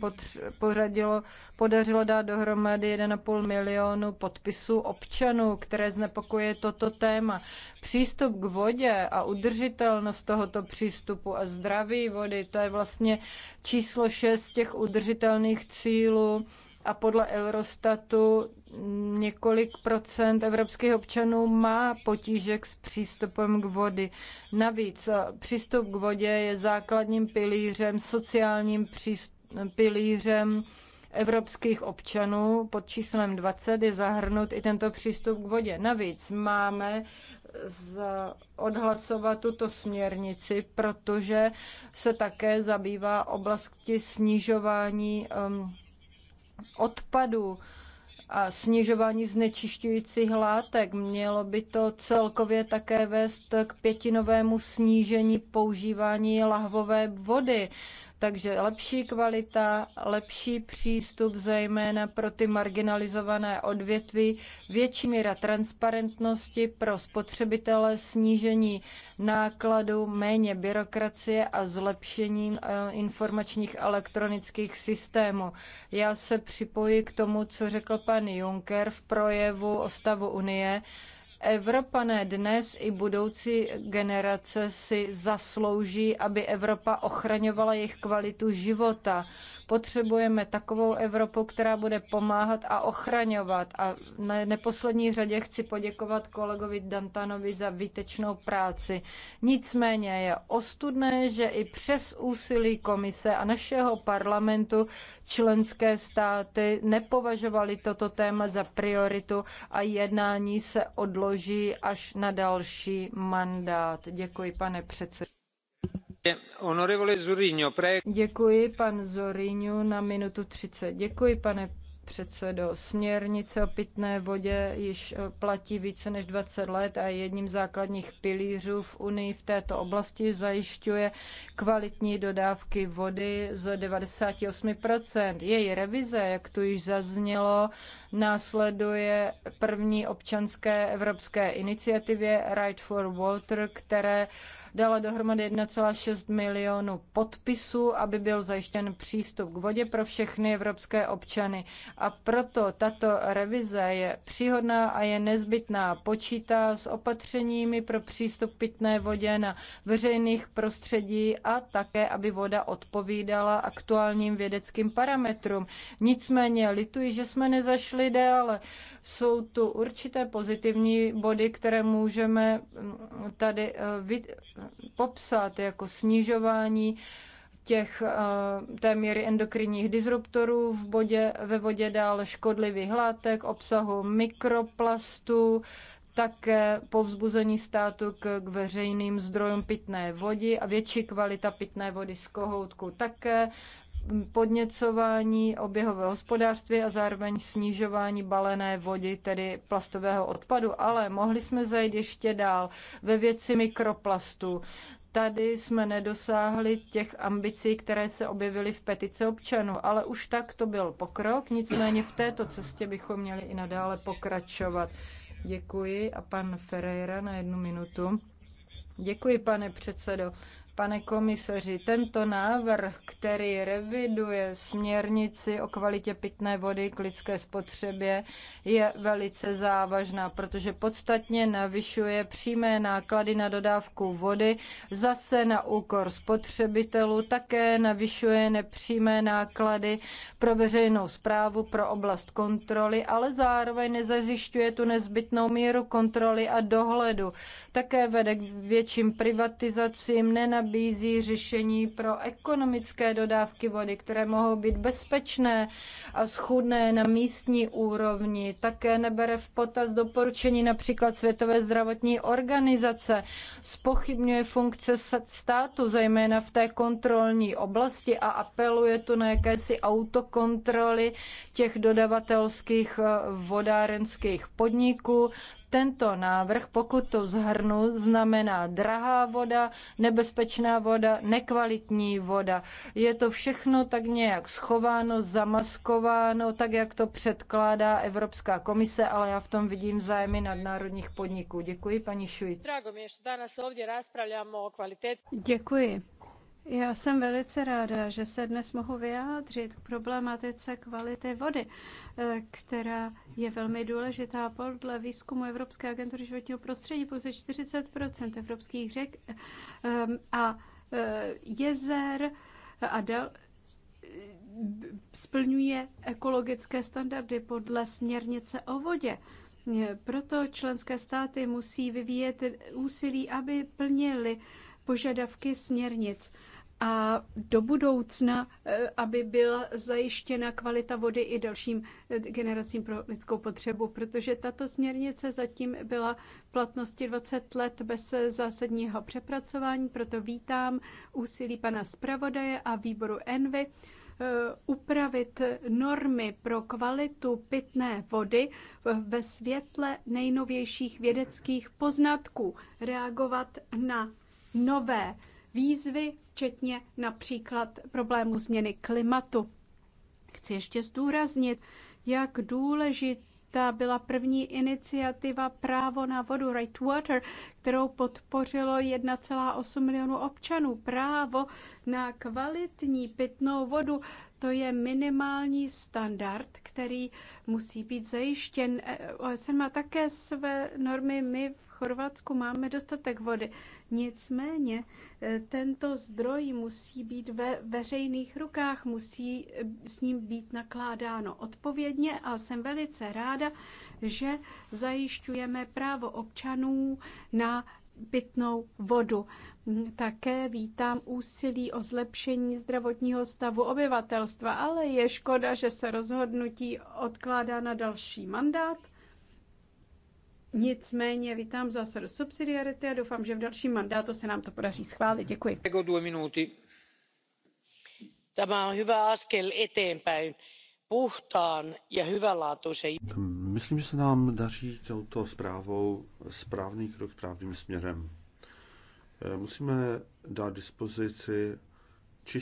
pořadilo, podařilo dát dohromady 1,5 milionu podpisů občanů, které znepokuje toto téma. Přístup k vodě a udržitelnost tohoto přístupu a zdraví vody, to je vlastně číslo 6 těch udržitelných cílů a podle Eurostatu několik procent evropských občanů má potížek s přístupem k vody. Navíc přístup k vodě je základním pilířem, sociálním pilířem evropských občanů pod číslem 20 je zahrnut i tento přístup k vodě. Navíc máme za odhlasovat tuto směrnici, protože se také zabývá oblasti snižování um, odpadů a snižování znečišťujících látek. Mělo by to celkově také vést k pětinovému snížení používání lahvové vody. Uh, takže lepší kvalita, lepší přístup zejména pro ty marginalizované odvětví, větší míra transparentnosti pro spotřebitele, snížení nákladů, méně byrokracie a zlepšení eh, informačních elektronických systémů. Já se připoji k tomu, co řekl pan Juncker v projevu o stavu Unie, Evropané dnes i budoucí generace si zaslouží, aby Evropa ochraňovala jejich kvalitu života. Potřebujeme takovou Evropu, která bude pomáhat a ochraňovat. A na neposlední řadě chci poděkovat kolegovi Dantanovi za výtečnou práci. Nicméně je ostudné, že i přes úsilí komise a našeho parlamentu členské státy nepovažovaly toto téma za prioritu a jednání se odloží až na další mandát. Děkuji, pane předsedo. Děkuji, Zorinu, na minutu 30. Děkuji, pane předsedající Směrnice o pitné vodě již eh, platí více než 20 let a jedním z základních pilířů v Unii v této oblasti zajišťuje kvalitní dodávky vody z 98%. Její revize, jak tu již zaznělo, Následuje první občanské evropské iniciativě Right for Water, které dala dohromady 1,6 milionu podpisů, aby byl zajištěn přístup k vodě pro všechny evropské občany. A proto tato revize je příhodná a je nezbytná. Počítá s opatřeními pro přístup pitné vodě na veřejných prostředí a také, aby voda odpovídala aktuálním vědeckým parametrům. Nicméně lituji, že jsme nezašli lidé, ale jsou tu určité pozitivní body, které můžeme mm, tady eh, popsat jako snižování těch, eh, té míry endokrinních disruptorů v bodě, ve vodě dál škodlivých látek, obsahu mikroplastů, také povzbuzení státu k, k veřejným zdrojům pitné vody a větší kvalita pitné vody z kohoutku. Také podněcování oběhového hospodářství a zároveň snižování balené vody, tedy plastového odpadu. Ale mohli jsme zajít ještě dál ve věci mikroplastů. Tady jsme nedosáhli těch ambicí, které se objevily v petice občanů, ale už tak to byl pokrok, nicméně v této cestě bychom měli i nadále pokračovat. Děkuji a pan Ferreira na jednu minutu. Děkuji, pane předsedo. Pane komisaři, tento návrh, který reviduje směrnici o kvalitě pitné vody k lidské spotřebě, je velice závažná, protože podstatně navyšuje přímé náklady na dodávku vody zase na úkor spotřebitelů, také navyšuje nepřímé náklady pro veřejnou zprávu, pro oblast kontroly, ale zároveň nezajišťuje tu nezbytnou míru kontroly a dohledu. Také vede k větším privatizacím, nenabízí nabízí řešení pro ekonomické dodávky vody, které mohou být bezpečné a schudné na místní úrovni. Také nebere v potaz doporučení například Světové zdravotní organizace. Spochybňuje funkce státu, zejména v té kontrolní oblasti a apeluje tu na jakési autokontroly těch dodavatelských eh, vodárenských podniků. Tento návrh, pokud to zhrnu, znamená drahá voda, nebezpečná voda, nekvalitní voda. Je to všechno tak nějak schováno, zamaskováno, tak jak to předkládá Evropská komise, ale já v tom vidím zájmy nadnárodních podniků. Děkuji, paní Šujic. Děkuji. Já jsem velice ráda, že se dnes mohu vyjádřit k problematice kvality vody, eh, která je velmi důležitá. Podle výzkumu Evropské agentury životního prostředí pouze 40 evropských řek eh, a eh, jezer a dal, splňuje ekologické standardy podle směrnice o vodě. Proto členské státy musí vyvíjet úsilí, aby plnili požadavky směrnic a do budoucna, eh, aby byla zajištěna kvalita vody i dalším eh, generacím pro lidskou potřebu, protože tato směrnice zatím byla v platnosti 20 let bez eh, zásadního přepracování, proto vítám úsilí pana zpravodaje a výboru Envy upravit normy pro kvalitu pitné vody ve světle nejnovějších vědeckých poznatků, reagovat na nové výzvy, včetně například problému změny klimatu. Chci ještě zdůraznit, jak důležitá byla první iniciativa Právo na vodu, Right Water, kterou podpořilo 1,8 milionu občanů. Právo na kvalitní pitnou vodu, to je minimální standard, který musí být zajištěn. E, OSN má také své normy, my Chorvatsku máme dostatek vody. Nicméně eh, tento zdroj musí být ve veřejných rukách, musí eh, s ním být nakládáno odpovědně a jsem velice ráda, že zajišťujeme právo občanů na pitnou vodu. Mm, také vítám úsilí o zlepšení zdravotního stavu obyvatelstva, ale je škoda, že se rozhodnutí odkládá na další mandát Nicméně vítám do subsidiarity a doufám, že v dalším mandátu se nám to podaří schválit. Děkuji. Jako askel puhtaan ja Myslím, že se nám daří touto zprávou správný krok správným směrem. Eh, musíme dát dispozici